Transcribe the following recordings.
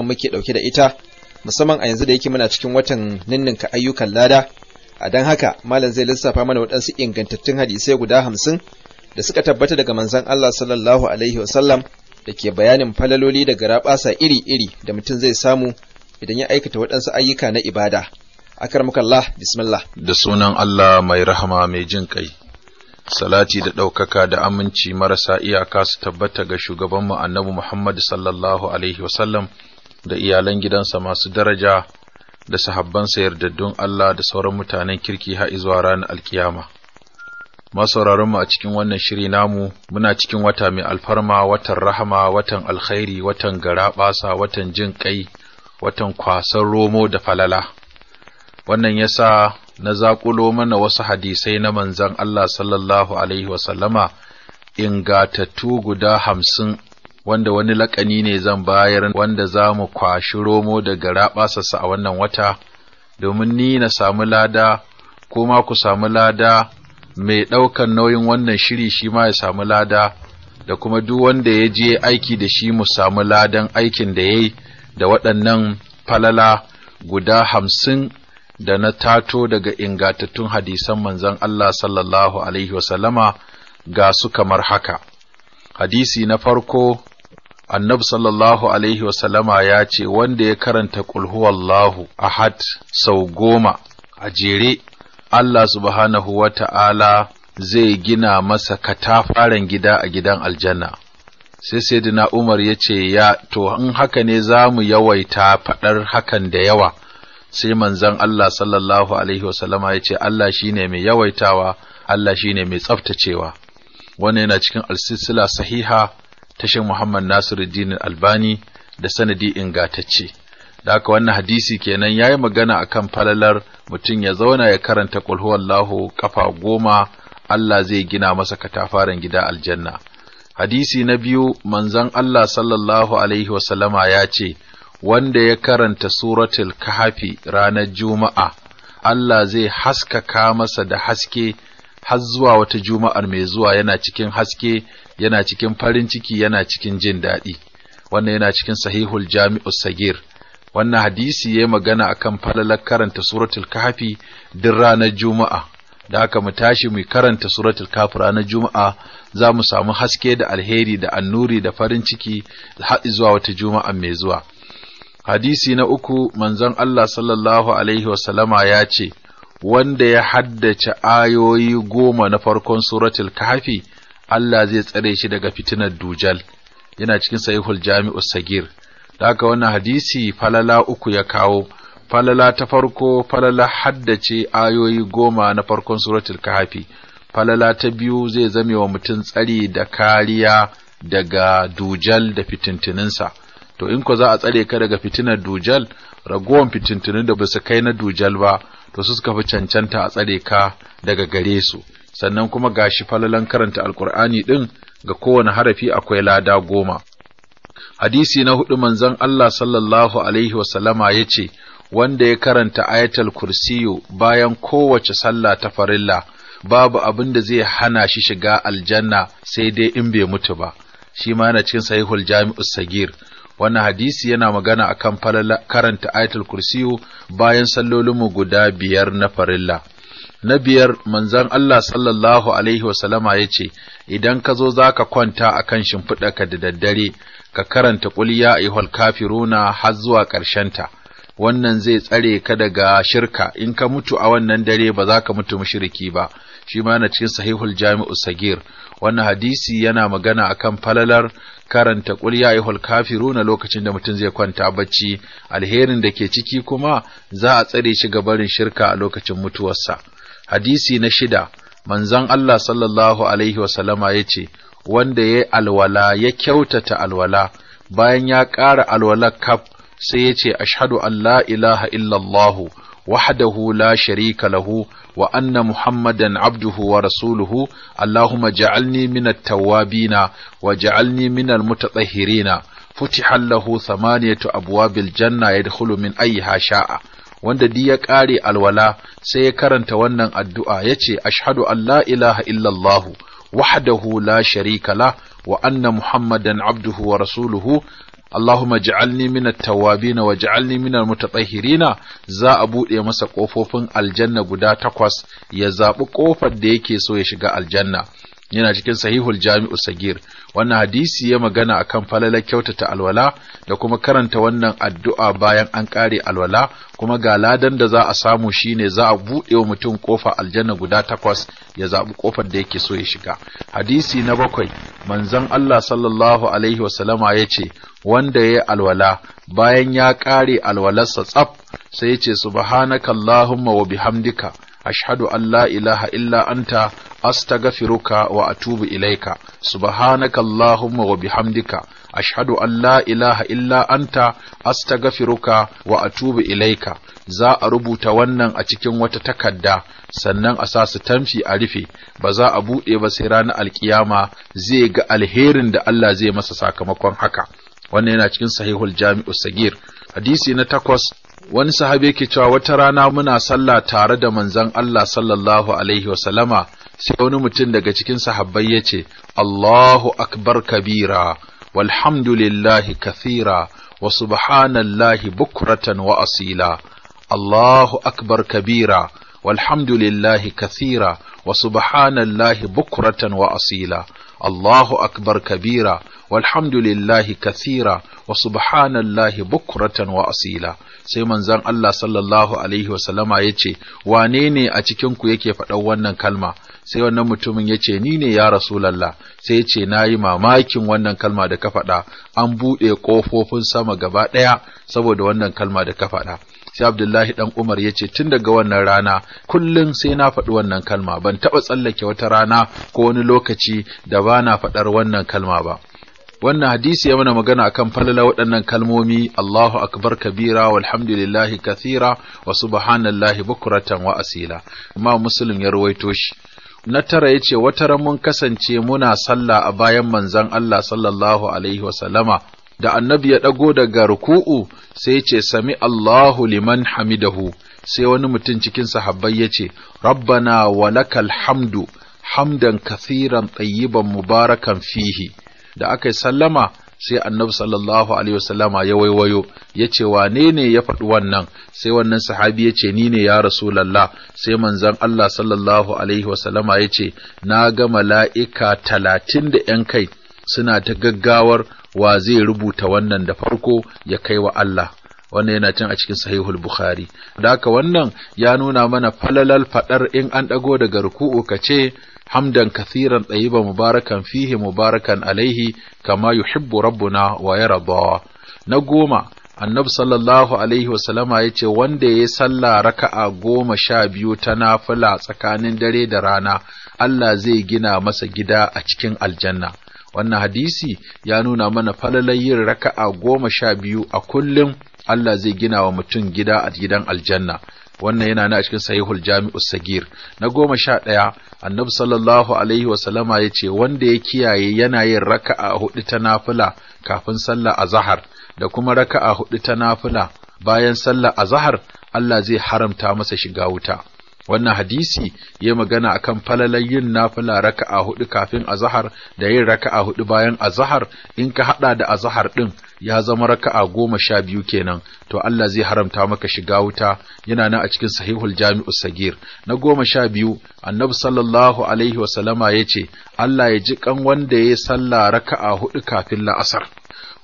hikima muke ɗauke da ita musamman a yanzu da yake muna cikin watan ninninka ayyukan lada a dan haka malam zai lissafa mana waɗansu ingantattun hadisai guda hamsin da suka tabbata daga manzon Allah sallallahu alaihi wasallam da ke bayanin falaloli da garaɓasa iri-iri da mutum zai samu idan ya aikata waɗansu ayyuka na ibada akarmukallah bismillah da sunan Allah mai rahama mai jin kai salati da ɗaukaka da aminci marasa iyaka su tabbata ga shugabanmu annabi Muhammad sallallahu alaihi wasallam da iyalan gidansa masu daraja da sahabbansa yardaddun Allah da sauran mutanen kirki har zuwa ranar alkiyama. mu a cikin wannan shiri namu muna cikin wata mai alfarma, watan rahama, watan alkhairi, watan garaɓasa, watan jin kai, watan kwasan romo da falala. Wannan yasa na zaƙulo mana wasu hadisai na manzan Allah sallallahu Alaihi wasallama ingatattu guda hamsin wanda wani lakani ne zan bayar wanda za mu kwashi romo daga raɓasarsa a wannan wata domin ni na samu lada ko ma ku samu lada mai ɗaukan nauyin wannan shiri shi ma ya samu lada da kuma duk wanda ya je aiki da shi mu samu ladan aikin da ya yi da waɗannan falala guda hamsin da na tato daga ingantattun hadisan manzon Allah sallallahu alaihi wasallama ga su kamar haka. hadisi na farko annabi sallallahu alaihi wasallama ya ce wanda ya karanta kulhuwallahu ahad sau goma a jere Allah subhanahu wa ta'ala zai gina masa katafaren gida a gidan aljanna sai sayyidina Umar ya ce ya to in haka ne za mu yawaita faɗar hakan da yawa sai manzon Allah sallallahu alaihi wasallama ya ce Allah shine mai yawaitawa Allah shine mai tsaftacewa wannan yana cikin alsisila sahiha ta tashin Muhammad Nasiruddin Albani da sanadi ingatacce da haka wannan hadisi kenan yayi magana akan falalar mutum ya zauna ya karanta qul huwallahu kafa goma Allah zai gina masa katafaren gida aljanna hadisi na biyu manzon Allah sallallahu alaihi wasallama ya ce wanda ya karanta suratul kahfi ranar juma'a Allah zai haskaka masa da haske har zuwa wata juma'ar mai zuwa yana cikin haske yana cikin farin ciki yana cikin jin daɗi wannan yana cikin sahihul jami'us sagir wannan hadisi ya yi magana akan falalar karanta suratul kahfi duk ranar juma'a da haka mu tashi mu karanta suratul kahfi ranar juma'a za mu samu haske da alheri da annuri da farin ciki har zuwa wata juma'a mai zuwa hadisi na uku manzon Allah sallallahu alaihi wasallama ya ce wanda ya haddace ayoyi goma na farkon suratul kahfi Allah zai tsare shi daga fitinar dujal yana cikin sahihul jami'us sagir daga wannan hadisi falala uku ya kawo falala ta farko falala haddace ayoyi goma na farkon suratul kahfi falala ta biyu zai zame wa mutum tsari da kariya daga dujal da fitintininsa to in ko za a tsare ka daga fitinar dujal ragowar fitintunin da ba su kai na dujal ba to su suka fi cancanta a tsare ka daga gare su sannan kuma ga shi falalan karanta alkur'ani din ga kowane harafi akwai lada goma hadisi na hudu manzon Allah sallallahu alaihi sallama ya ce wanda ya karanta ayatul kursiyu bayan kowace sallah ta farilla babu abin da zai hana shi shiga aljanna sai dai in bai mutu ba shi ma yana cikin sahihul jami'us sagir wannan hadisi yana magana akan falala karanta ayatul kursiyu bayan sallolinmu guda biyar na farilla na biyar manzon Allah sallallahu alaihi wasallama ya ce idan ka zo za ka kwanta a kan shimfiɗarka da daddare ka karanta ƙulya ihwal kafiruna har zuwa ta. wannan zai tsare ka daga shirka in ka mutu a wannan dare ba za ka mutu mushriki ba shi ma na cikin sahihul jami'u sagir wannan hadisi yana magana akan falalar karanta qul ya ayyuhal kafiruna lokacin da mutum zai kwanta bacci alherin da ke ciki kuma za a tsare shi ga barin shirka a lokacin mutuwarsa hadisi na shida manzon Allah sallallahu alaihi wasallama yace wanda ya alwala ya kyautata alwala bayan ya ƙara alwala kaf sai ya ce ashadu an la ilaha illallahu wahdahu la sharika lahu wa anna muhammadan abduhu wa rasuluhu allahumma ja'alni mina at-tawwabin wa ja'alni min al-mutatahhirin futiha lahu thamaniyatu abwabil janna yadkhulu min ayyiha sha'a wanda di ya kare alwala sai ya karanta wannan addu'a yace ashadu an la ilaha illallah wahdahu la sharika la wa anna muhammadan abduhu wa rasuluhu Allahumma ja'alni minat tawabin wa ja'alni minal mutatahhirina za a bude masa ƙofofin aljanna guda takwas ya zaɓi ƙofar da yake so ya shiga aljanna yana cikin sahihul jami'u sagir wannan hadisi ya magana akan falalar kyautata alwala da kuma karanta wannan addu'a bayan an ƙare alwala kuma ga ladan da za a samu shine za a buɗe wa mutum ƙofa aljanna guda takwas ya zaɓi ƙofar da yake so ya shiga hadisi na bakwai manzon Allah sallallahu alaihi wasallama ya ce wanda ya alwala bayan ya ƙare alwalarsa tsaf sai ya ce subhanakallahumma wa bihamdika ashhadu an la ilaha illa anta astaghfiruka wa atubu ilaika اللهم وبحمدك wa bihamdika لا an la ilaha illa anta firuka wa atubu ilaika za a rubuta wannan a cikin wata takarda sannan a sa su tamfi a rufe ba za a buɗe ba sai ranar alkiyama zai ga alherin da Allah zai masa sakamakon haka wannan yana cikin sahihul jami'u sagir hadisi na takwas wani sahabe yake cewa wata rana muna sallah tare da manzon Allah sallallahu alaihi wasallama sai wani mutum daga cikin sahabbai ya ce Allahu akbar kabira walhamdulillahi kathira wa subhanallahi bukratan wa asila Allahu akbar kabira walhamdulillahi kathira wa subhanallahi bukratan wa asila Allahu akbar kabira walhamdulillahi kathira wa subhanallahi bukratan wa asila sai manzon Allah sallallahu alaihi wasallama yace wane ne a cikin ku yake faɗan wannan kalma sai wannan mutumin ya ce ni ne ya rasulallah sai ya ce na yi mamakin wannan kalma da ka faɗa an buɗe ƙofofin sama gaba ɗaya saboda wannan kalma da ka faɗa sai abdullahi dan umar ya ce tun daga wannan rana kullum sai na faɗi wannan kalma ban taɓa tsallake wata rana ko wani lokaci da ba na faɗar wannan kalma ba wannan hadisi ya mana magana akan falala waɗannan kalmomi Allahu akbar kabira walhamdulillahi kathira wa subhanallahi bukuratan wa asila amma muslim ya ruwaito shi na tara ya ce wata mun kasance muna sallah a bayan manzan Allah sallallahu alaihi wasallama da annabi ya ɗago daga ruku'u sai ya ce sami Allahu liman hamidahu sai wani mutum cikin sahabbai ya ce rabbana walakal hamdu hamdan kathiran tayyiban mubarakan fihi da aka yi sallama sai annabi sallallahu alaihi wasallama ya waiwayo ya ce wane ne ya faɗi wannan sai wannan sahabi ya ce ni ne ya rasulallah sai manzon Allah sallallahu alaihi wasallama ya ce na ga mala'ika talatin da ‘yan kai suna ta gaggawar wa zai rubuta wannan da farko ya kai wa Allah wannan yana can a cikin sahihul bukhari da haka wannan ya nuna mana falalal faɗar in an ɗago daga ruku'u kace hamdan kathiran ɗayiba mubarakan fihi mubarakan alaihi kama yuhibbu rabbuna wa yarda na goma annabi sallallahu alaihi wasallama ya ce wanda ya sallah raka'a goma sha biyu ta nafila tsakanin dare da rana Allah zai gina masa gida a cikin aljanna wannan hadisi ya nuna mana falalai yin raka'a goma sha biyu a kullum Allah zai gina wa mutum gida a gidan aljanna wannan yana na cikin sahihul jami'us sagir na goma sha ɗaya annabi sallallahu alaihi wasallama ya ce wanda ya kiyaye yana yin raka'a hudu ta nafila kafin sallah azahar da kuma raka'a hudu ta nafila bayan sallah zahar Allah zai haramta masa shiga wuta wannan hadisi ya magana akan falalar yin nafila raka'a hudu kafin azahar da yin raka'a hudu bayan azahar in ka hada da azahar din ya zama raka'a goma sha biyu kenan to Allah zai haramta maka shiga wuta yana nan a cikin sahihul jami'us sagir na goma sha biyu annabi sallallahu alaihi wasallama ya ce Allah ya ji kan wanda ya yi sallah raka'a hudu kafin la'asar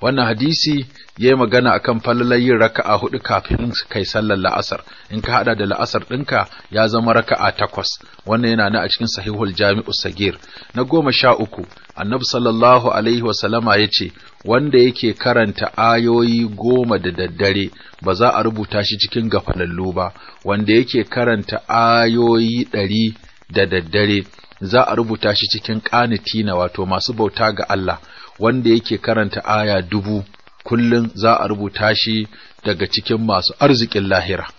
wannan hadisi yayi magana akan falalar yin raka'a hudu kafin kai sallar la'asar in ka hada da la'asar ɗinka ya zama raka'a takwas wannan yana na a cikin sahihul jami'u sagir na goma sha uku annabi sallallahu alaihi wasallama ya ce wanda yake karanta ayoyi goma da daddare ba za a rubuta shi cikin gafalallu ba wanda yake karanta ayoyi ɗari da daddare za a rubuta shi cikin ƙanitina wato masu bauta ga Allah wanda yake karanta aya dubu kullum za a rubuta shi daga cikin masu arzikin lahira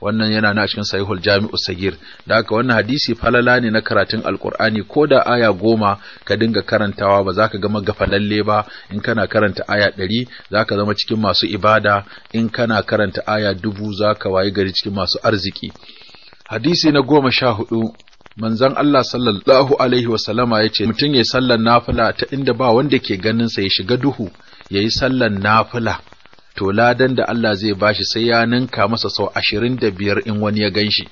wannan yana na cikin sahihul jami'u sagir da haka wannan hadisi falala ne na karatun alkur'ani ko da aya goma ka dinga karantawa ba za ka gama gafalalle ba in kana karanta aya ɗari za ka zama cikin masu ibada in kana karanta aya dubu za ka wayi gari cikin masu arziki hadisi na goma sha hudu manzon Allah sallallahu alaihi wasallama ya ce mutum ya yi sallar nafila ta inda ba wanda ke ganin sa ya shiga duhu ya yi sallar nafila to ladan da Allah zai bashi sai ya ninka masa sau ashirin da biyar in wani ya gan shi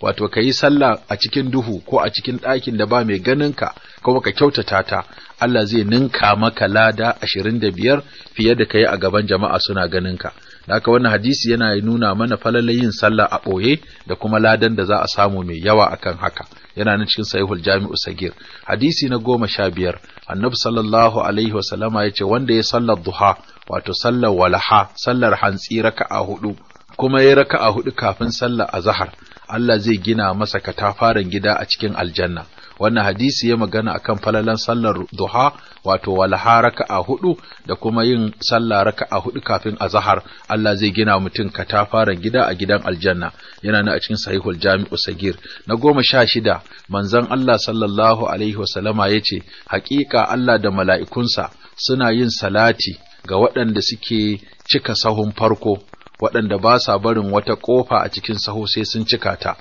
wato ka yi sallah a cikin duhu ko a cikin ɗakin da ba mai ganinka kuma ka kyautata ta Allah zai ninka maka lada ashirin da biyar fiye da ka yi a gaban jama'a suna ganinka haka wannan hadisi yana nuna mana falalai yin sallah a ɓoye da kuma ladan da za a samu mai yawa akan haka yana nan cikin sahihul jami'u sagir hadisi na goma sha biyar annabi sallallahu alaihi wasallama ya ce wanda ya sallar duha wato sallar walaha sallar hantsi raka'a hudu kuma ya raka'a hudu kafin sallar azahar Allah zai gina masa katafaren gida a cikin aljanna wannan hadisi ya magana akan falalan sallar duha wato walha a hudu da kuma yin sallah a hudu kafin azhar Allah zai gina mutum katafaren gida a gidan aljanna yana nan a cikin sahihul jami'u sagir na goma sha shida manzon Allah sallallahu alaihi wasallama yace haƙiƙa Allah da mala'ikunsa suna yin salati ga waɗanda suke cika sahun farko waɗanda ba sa barin wata ƙofa a cikin saho sai sun cika ta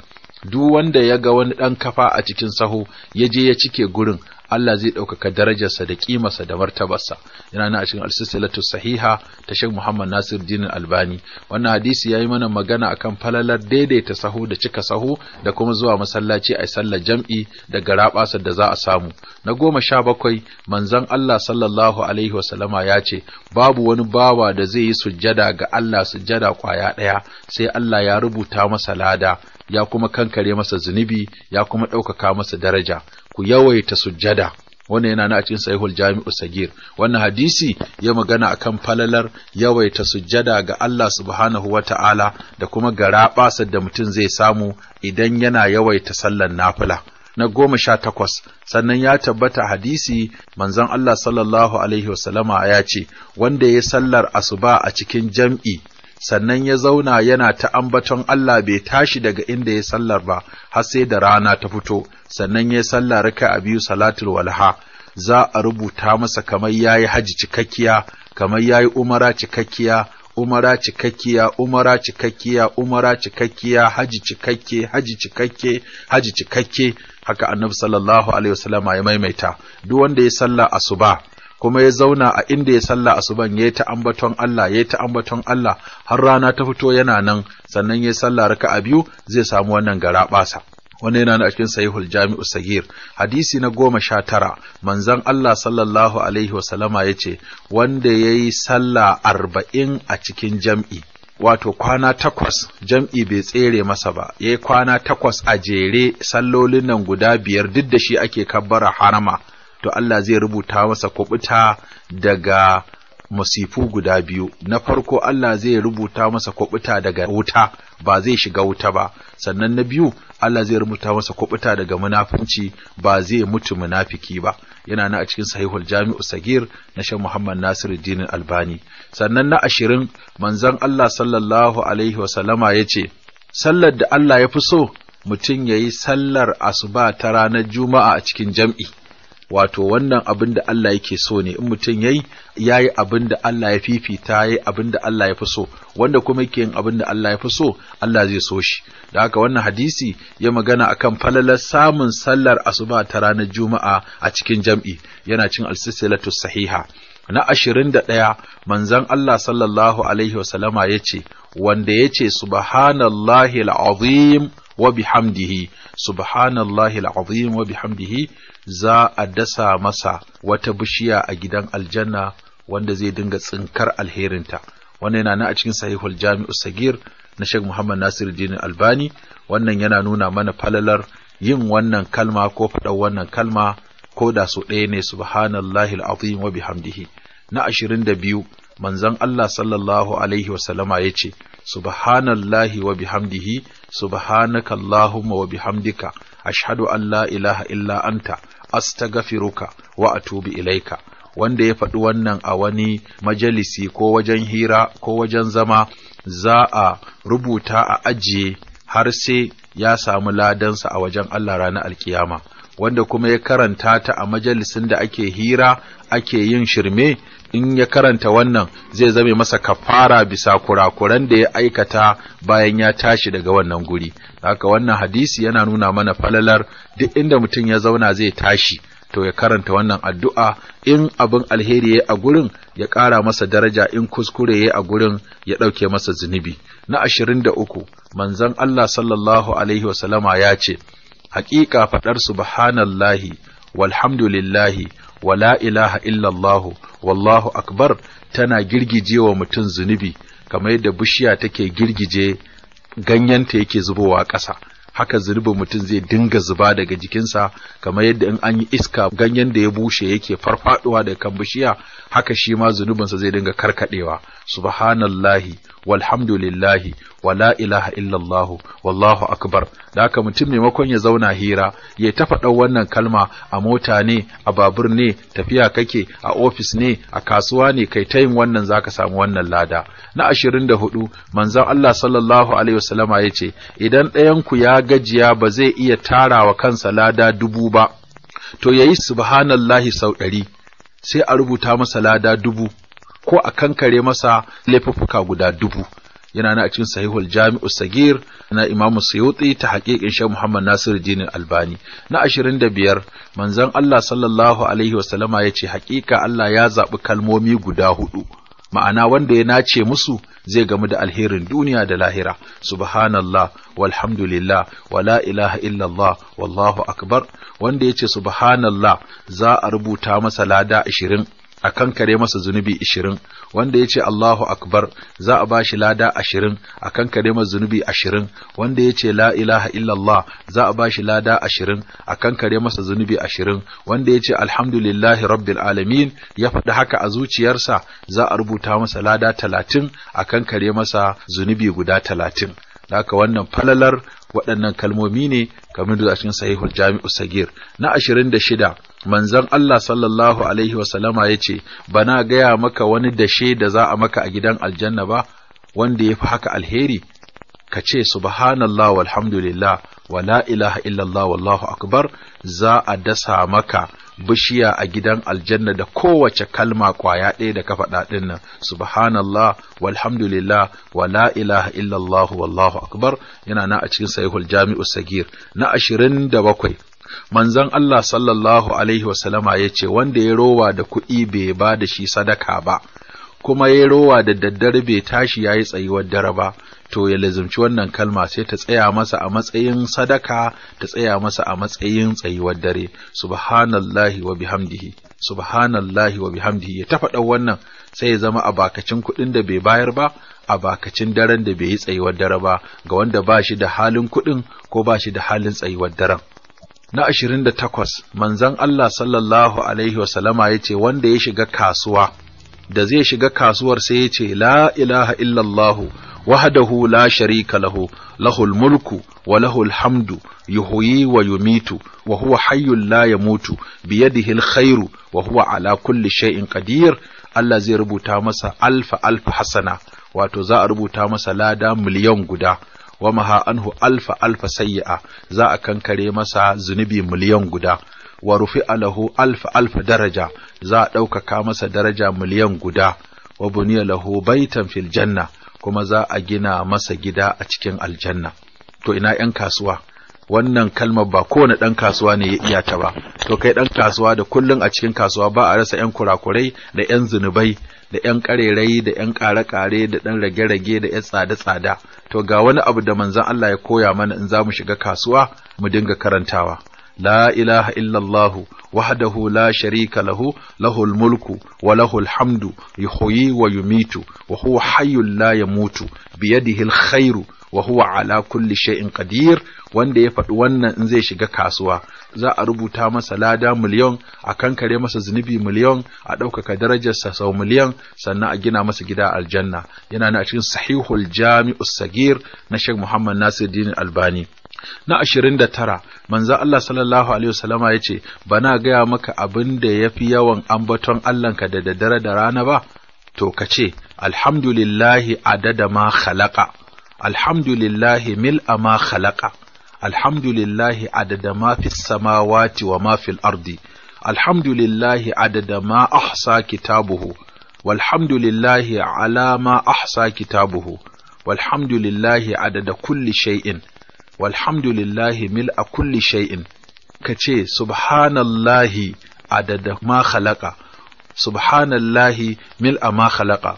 duk wanda ya ga wani ɗan kafa a cikin saho ya je ya cike gurin Allah zai ɗaukaka darajarsa da ƙimarsa da martabarsa yana nan a cikin alsisilatu sahiha ta Sheikh Muhammad Nasir Dinin Albani wannan hadisi ya yi mana magana akan falalar daidaita sahu da cika sahu da kuma zuwa masallaci a sallar jam'i da garabasa da za a samu na goma sha bakwai manzon Allah sallallahu alaihi wasallama ya ce babu wani bawa da zai yi sujjada ga Allah sujjada kwaya ɗaya sai Allah ya rubuta masa lada ya kuma kankare masa zunubi ya kuma ɗaukaka masa daraja ku yawaita sujjada wannan yana na cikin sahihul jami'u sagir wannan hadisi ya magana akan falalar yawaita sujjada ga Allah subhanahu wata'ala da kuma garaɓasa da mutum zai samu idan yana yawaita sallar nafila na goma sha takwas sannan ya tabbata hadisi manzon Allah sallallahu alaihi wasallama ya ce wanda ya sallar asuba a cikin jam'i sannan ya zauna yana ta ambaton Allah bai tashi daga inda ya sallar ba har sai da rana ta fito sannan ya sallar raka a biyu salatul walha za a rubuta masa kamar yayi haji cikakkiya kamar yayi umara cikakkiya umara cikakkiya umara cikakkiya umara cikakkiya haji cikakke haji cikakke haji cikakke haka annabi sallallahu alaihi wasallama ya maimaita duk wanda ya salla asuba kuma ya zauna a inda ya sallah asuban yayi ta ambaton Allah yi ta ambaton Allah har rana ta fito yana nan sannan yayi sallah a biyu zai samu wannan gara basa Wani yana da cikin sahihul jami'u sagir hadisi na goma sha tara manzon Allah sallallahu alaihi sallama ya ce wanda ya yi sallah arba'in a cikin jam'i wato kwana takwas jam'i bai tsere masa ba ya yi kwana takwas a jere sallolin nan guda biyar duk da shi ake kabbara harama to Allah zai rubuta masa kubuta daga masifu guda biyu na farko Allah zai rubuta masa kubuta daga wuta ba zai shiga wuta ba sannan na biyu Allah zai rubuta masa kubuta daga munafunci ba zai mutu munafiki ba yana na a cikin sahihul jami'u sagir na shan Muhammad Nasiruddin Albani sannan na ashirin manzon Allah sallallahu alaihi wa sallama yace sallar da Allah ya fi so mutum yayi sallar asuba ta ranar juma'a a cikin jam'i wato wannan abin da Allah yake so ne in mutum yayi yayi abin da Allah ya fifita yayi abin da Allah ya fi so wanda kuma yake yin abin da Allah ya fi so Allah zai so shi da haka wannan hadisi ya magana akan falalar samun sallar asuba ta ranar juma'a a cikin jam'i yana cin al sahiha na ashirin da ɗaya manzon Allah sallallahu alaihi wasallama ya ce wanda ya ce subhanallahi al'azim wa bihamdihi subhanallahi al'azim wa bihamdihi za a dasa masa wata bishiya a gidan aljanna wanda zai dinga tsinkar alherinta wannan yana na a cikin sahihul jami'u sagir na Sheikh Muhammad Dinin Albani wannan yana nuna mana falalar yin wannan kalma ko faɗan wannan kalma ko da su ɗaya ne subhanallahi al'azim wa bihamdihi na 22 manzon Allah sallallahu alaihi ya ce. subhanallahi wa bihamdihi subhanaka allahumma wa bihamdika an la ilaha illa anta astaghfiruka wa atubu ilaika wanda ya faɗi wannan a wani majalisi ko wajen hira ko wajen zama za a rubuta a ajiye har sai ya samu ladansa a wajen Allah ranar alkiyama wanda kuma ya karanta ta a majalisin da ake hira ake yin shirme in ya karanta wannan zai zame masa kafara bisa kurakuran da ya aikata bayan ya tashi daga wannan guri haka wannan hadisi yana nuna mana falalar duk inda mutum ya zauna zai tashi to ya karanta wannan addu'a in abin alheri ya a gurin ya ƙara masa daraja in kuskure ya a gurin ya ɗauke masa zunubi. Na ashirin da uku, manzon Allah sallallahu Alaihi wasallama ya ce, haƙiƙa faɗar subhanallahi walhamdulillahi la ilaha illallahu wallahu akbar tana girgije wa mutum zunubi kamar yadda bishiya take girgije ganyenta yake zubowa ƙasa haka zunubin mutum zai dinga zuba daga jikinsa kamar yadda in an yi iska ganyen da ya bushe yake farfaduwa daga kan bishiya haka shi ma zunubinsa zai dinga karkadewa subhanallahi walhamdulillahi wala ilaha illallah wallahu akbar da haka mutum maimakon ya zauna hira ya tafa ɗau wannan kalma a mota ne a babur ne tafiya kake a ofis ne a kasuwa ne kai ta yin wannan zaka samu wannan lada na ashirin da 24 manzon Allah sallallahu alaihi wasallama yace idan ɗayan ku ya gajiya ba zai iya tara wa kansa lada dubu ba, to ya yi subhanallahi sau ɗari, sai a rubuta masa lada dubu, ko a kankare masa laifuffuka guda dubu. Yana na a cikin sahihul jami'u sagir na imamu suyuti ta haƙiƙin shan Muhammad Nasiru dinin albani. Na ashirin da biyar, manzon Allah sallallahu alaihi wasallama ya ce haƙiƙa Allah ya zaɓi kalmomi guda huɗu. ma'ana wanda ya nace musu zai gamu da alherin duniya da lahira subhanallah walhamdulillah wala ilaha illallah wallahu akbar wanda ya ce subhanallah za a rubuta masa lada ashirin a kankare masa zunubi ishirin. wanda ya ce Allahu akbar za a bashi lada ashirin a kankare masa zunubi ashirin wanda ya ce la ilaha illallah za a bashi lada ashirin a kankare masa zunubi ashirin wanda ya ce alhamdulillahi rabbil alamin ya faɗi haka a zuciyarsa za a rubuta masa lada talatin a kankare masa zunubi guda talatin haka wannan falalar waɗannan kalmomi ne kamar da cikin sahihul jami'u sagir na ashirin da shida manzon Allah sallallahu alaihi wasallama ya ce, Bana gaya maka wani dashe da za a maka a gidan aljanna ba, wanda ya fi haka alheri, ka ce, Subhanallah walhamdulillah, wa la ilaha illallah wallahu akbar, za a dasa maka bishiya a gidan aljanna da kowace kalma kwaya ɗaya da ka faɗa nan, Subhanallah walhamdulillah wa la ilaha illallah wallahu akbar, yana na a cikin sahihul jami'u sagir na ashirin da bakwai. manzon Allah sallallahu alaihi wasallama ya ce wanda ya rowa da kuɗi bai ba da shi sadaka ba kuma ya rowa da daddare bai tashi ya yi tsayuwar dare ba to ya lazimci wannan kalma sai ta tsaya masa a matsayin sadaka ta tsaya masa a matsayin tsayuwar dare subhanallahi wa bihamdihi subhanallahi wa bihamdihi ya wannan sai ya zama a bakacin kuɗin da bai bayar ba a bakacin daren da bai yi tsayuwar dare ba ga wanda ba shi da halin kuɗin ko ba shi da halin tsayuwar daren na takwas, manzan Allah sallallahu alaihi wasallama ya ce wanda ya shiga kasuwa da zai shiga kasuwar sai ya ce la ilaha illallahu wahdahu la sharika lahu lahul mulku wa lahul hamdu yuhuyi wa yumitu wa huwa hayyul la yamutu bi yadihi alkhairu wa huwa ala kulli shay'in qadir Allah zai rubuta masa alfa alfa hasana wato za a rubuta masa lada miliyan guda wa maha anhu alfa alfa sayya'a za a kankare masa zunubi miliyan guda wa rufi alahu alfa alfa daraja za a ɗaukaka masa daraja miliyan guda wa buniya lahu baitan fil janna kuma za a gina masa gida a cikin aljanna to ina yan kasuwa wannan kalmar ba kowane ɗan kasuwa ne ya iya ta ba to kai ɗan kasuwa da kullum a cikin kasuwa ba a rasa yan kurakurai da yan zunubai da ƴan ƙarerai da ƴan ƙare ƙare-ƙare da ɗan rage-rage da ƴan tsada tsada-tsada, to ga wani abu da manzon Allah ya koya mana in za mu shiga kasuwa mu dinga karantawa. La ilaha illallah, wahdahu la sharika lahu lahul mulku wa lahul hamdu yuhyi wa yumitu wa huwa hayyul la yamutu biyadihi alkhairu wa huwa ala kulli shay'in qadir wanda ya faɗi wannan in zai shiga kasuwa za a rubuta masa lada miliyon a kankare masa zunubi miliyon a ɗaukaka darajarsa sau miliyon sannan a gina masa gida aljanna yana na cikin sahihul jami'us sagir na Sheikh Muhammad Nasiruddin Albani na ashirin da tara manzo Allah sallallahu alaihi wasallama ya ce bana gaya maka abin da ya fi yawan ambaton Allahnka da daddare da rana ba to ka ce alhamdulillahi adada ma khalaqa alhamdulillahi mil ma khalaqa alhamdulillahi adada ma fi samawati wa ma fil ardi alhamdulillahi adada ma ahsa kitabuhu walhamdulillahi ala ma ahsa kitabuhu walhamdulillahi adada kulli shay'in walhamdulillahi a kulli shay'in kace subhanallahi adada ma khalaqa subhanallahi a ma khalaqa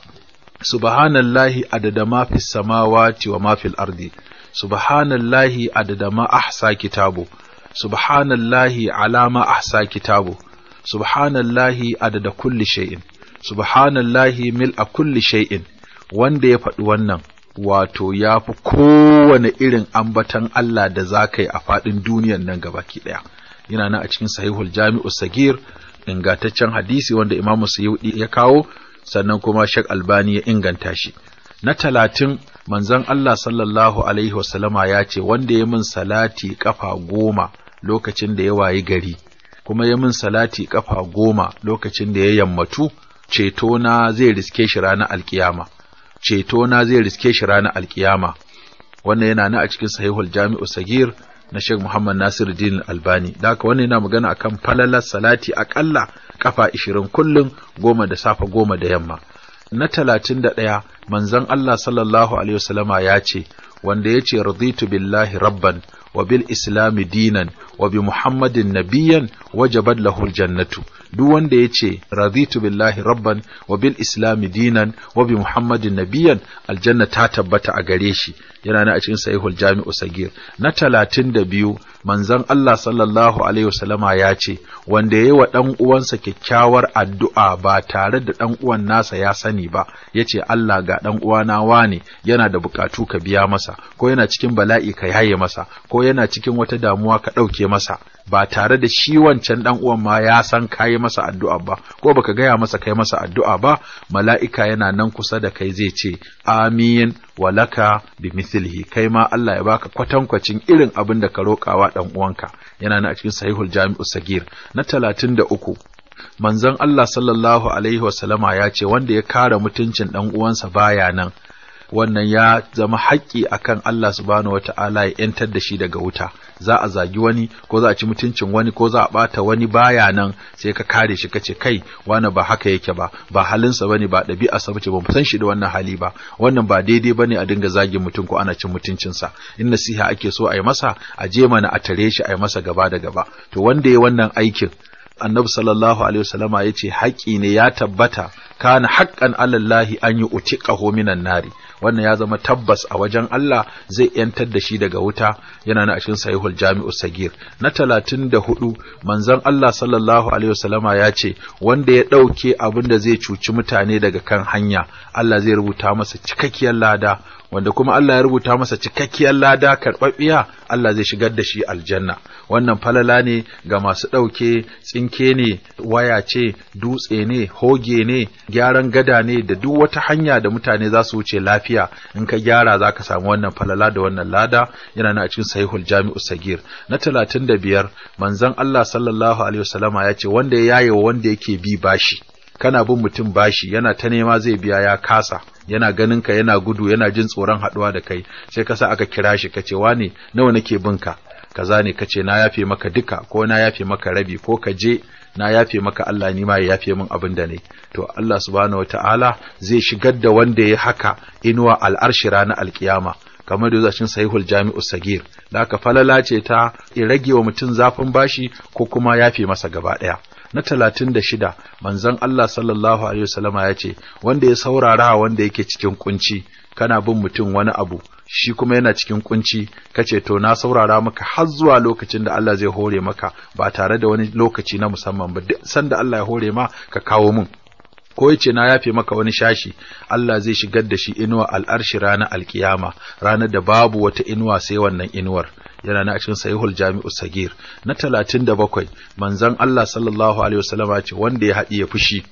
subhanallahi adada ma fi samawati wa ma fil ardi subhanallahi adada ma ahsa kitabu subhanallahi ala ma ahsa kitabu subhanallahi adada kulli shay'in subhanallahi mil'a kulli shay'in wanda ya faɗi wannan wato ya fi kowane irin ambatan Allah da za ka yi a faɗin duniyan nan gabaki ɗaya yana nan a cikin sahihul jami'u sagir ingantaccen hadisi wanda imamu suyuɗi ya kawo sannan kuma Sheikh Albani ya inganta shi na talatin manzon Allah sallallahu alaihi wasallama ya ce wanda ya min salati kafa goma lokacin da ya wayi gari kuma ya min salati kafa goma lokacin da ya yammatu ceto na zai riske shi ranar alkiyama ceto na zai riske shi ranar alkiyama wannan yana na a cikin sahihul jami'u sagir na Sheikh Muhammad Nasiruddin Albani da haka wannan yana magana akan falalar salati akalla kafa ishirin kullum goma da safe goma da yamma na talatin da ɗaya manzon Allah sallallahu alaihi wasallama ya ce wanda ya ce raditu billahi rabban wa bil islami dinan wa bi muhammadin nabiyan wajabat lahul jannatu duk wanda ya ce raditu billahi rabban wa bil islami dinan wa bi muhammadin nabiyan aljanna ta tabbata a gare shi yana na a cikin sahihul jami'u sagir na talatin da biyu manzon Allah sallallahu alaihi wasallama ya ce wanda ya yi wa ɗan uwansa kyakkyawar addu'a ba tare da ɗan uwan nasa ya sani ba yace Allah ga ɗan uwana wane yana da bukatu ka biya masa ko yana cikin bala'i ka yaye masa ko yana cikin wata damuwa ka ɗauke masa ba tare da shi wancan dan uwan ma ya san yi masa addu'a ba ko baka gaya masa kai masa addu'a ba mala'ika yana nan kusa da kai zai ce amin walaka bi mithlihi kai ma Allah ya baka kwatankwacin irin abin da ka rokawa dan uwanka yana nan a cikin sahihul jami'us sagir na 33 manzon Allah sallallahu alaihi wasallama ya ce wanda ya kare mutuncin dan uwansa baya nan wannan ya zama haƙƙi akan Allah subhanahu ta'ala ya ‘yantar da shi daga wuta, za a zagi wani, ko za a ci mutuncin wani, ko za a ɓata wani baya nan sai ka kare shi kace kai wani ba haka yake ba, ba halinsa ba ne ba ɗabi ba ce ba san shi da wannan hali ba, wannan ba daidai ba ne a dinga zagin mutum ko ana cin mutuncinsa, in nasiha ake so a yi masa, a je mana a tare shi a yi masa gaba da gaba, to wanda ya wannan aikin annabi sallallahu alaihi wasallama ya ce haƙƙi ne ya tabbata kana haƙƙan alallahi an yi utiƙaho minan nari wannan ya zama tabbas a wajen Allah zai yantar da shi daga wuta yana na cikin sahihul jami'u sagir na 34 manzon Allah sallallahu alaihi wasallama ya ce wanda ya dauke abin da zai cuci mutane daga kan hanya Allah zai rubuta masa cikakkiyar lada wanda kuma Allah ya rubuta masa cikakkiyar lada karɓaɓɓiya Allah zai shigar da shi aljanna wannan falala ne ga masu ɗauke tsinke ne waya ce dutse ne hoge ne gyaran gada ne da duk wata hanya da mutane za su wuce lafiya in ka gyara za ka samu wannan falala da wannan lada yana na a cikin sahihul jami'u sagir na talatin da biyar manzon Allah sallallahu alaihi wasallama ya ce wanda ya yaye wanda yake bi bashi kana bin mutum bashi yana ta nema zai biya ya kasa yana ganin ka yana gudu yana jin tsoron haɗuwa da kai sai kasa aka kira shi ka ce wane nawa nake bin ka kaza ne ka na yafe maka duka ko na yafe maka rabi ko ka je na yafe maka Allah ni ma ya yafe min abin da ne to Allah subhanahu wataala zai shigar da wanda ya haka inuwa al'arshi ranar alkiyama kamar da zacin sahihul jami'u sagir da aka falala ce ta rage wa mutum zafin bashi ko kuma yafe masa gaba ɗaya na talatin da shida manzon Allah sallallahu alaihi wasallama ya ce wanda ya saurara wanda yake cikin kunci kana bin mutum wani abu shi kuma yana cikin kunci kace to na saurara maka har zuwa lokacin da Allah zai hore maka ba tare da wani lokaci na musamman ba duk sanda Allah ya hore ma ka kawo mun ko yace na yafe maka wani shashi Allah zai shigar da shi inuwa al'arshi ranar alkiyama ranar da babu wata inuwa sai wannan inuwar yana na cikin sahihul jami'u sagir na talatin da 37 manzon Allah sallallahu alaihi ya ce wanda ya haɗi ya fushi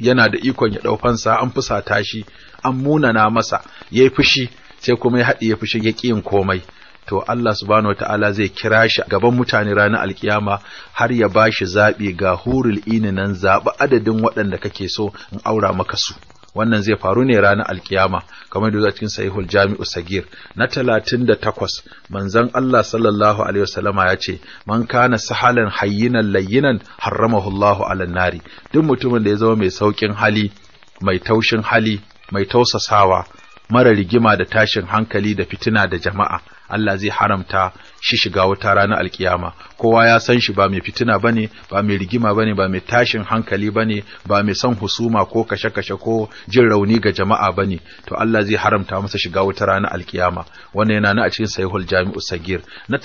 yana da ikon ya ɗau fansa an fusata shi an munana masa yayi fushi sai kuma ya haɗi ya fushi ya ƙi komai to Allah subhanahu ta'ala zai kira shi gaban mutane ranar alkiyama har ya ba shi zaɓi ga hurul ininan zaɓi adadin waɗanda kake so in aura maka su wannan zai faru ne ranar alkiyama kamar da cikin sahihul jami'u sagir na talatin da 38 manzon Allah sallallahu alaihi wasallama ya ce man kana sahalan hayyinan layyinan harramahu Allahu ala nari duk mutumin da ya zama mai saukin hali mai taushin hali mai tausasawa mara rigima da tashin hankali da fitina da jama'a Allah zai haramta shi shiga wata rana alkiyama kowa ya san shi ba mai fitina bane ba mai rigima bane ba mai tashin hankali bane ba mai son husuma ko kashe-kashe ko jin rauni ga jama'a bane to Allah zai haramta masa shiga wata rana alkiyama wannan yana na a cikin sahihul jami'u sagir na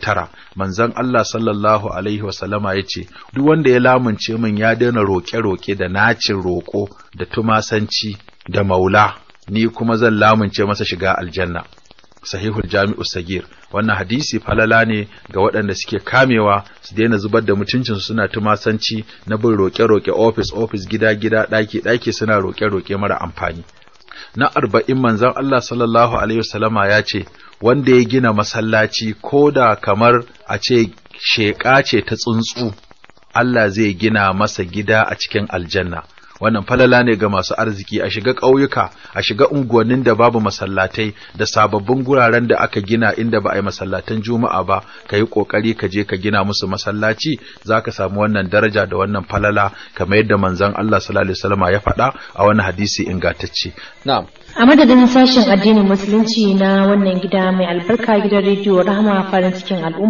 tara, manzon Allah sallallahu alaihi ce, yace duk wanda ya lamunce min ya daina roƙe-roƙe da nacin roƙo da tumasanci da maula ni kuma zan lamunce masa shiga aljanna sahihul jami'u sagir wannan hadisi falala ne ga waɗanda suke kamewa su daina zubar da mutuncinsu suna tumasanci na bin roƙe-roƙe ofis ofis gida-gida ɗaki-ɗaki suna roƙe-roƙe mara amfani na arba'in manzon Allah sallallahu alaihi wasallama ya ce wanda ya gina masallaci ko da kamar a ce sheƙa ce ta tsuntsu Allah zai gina masa gida a cikin aljanna wannan falala ne ga masu arziki a shiga ƙauyuka a shiga unguwannin da babu masallatai da sababbin guraren da aka gina inda ba a yi masallatan juma'a ba ka yi ƙoƙari ka je ka gina musu masallaci za ka samu wannan daraja da wannan falala kamar yadda manzon Allah sallallahu alaihi ya faɗa a wani hadisi ingantacce na'am a madadin sashen addinin musulunci na wannan gida mai albarka gidan rediyo rahama farin cikin al'umma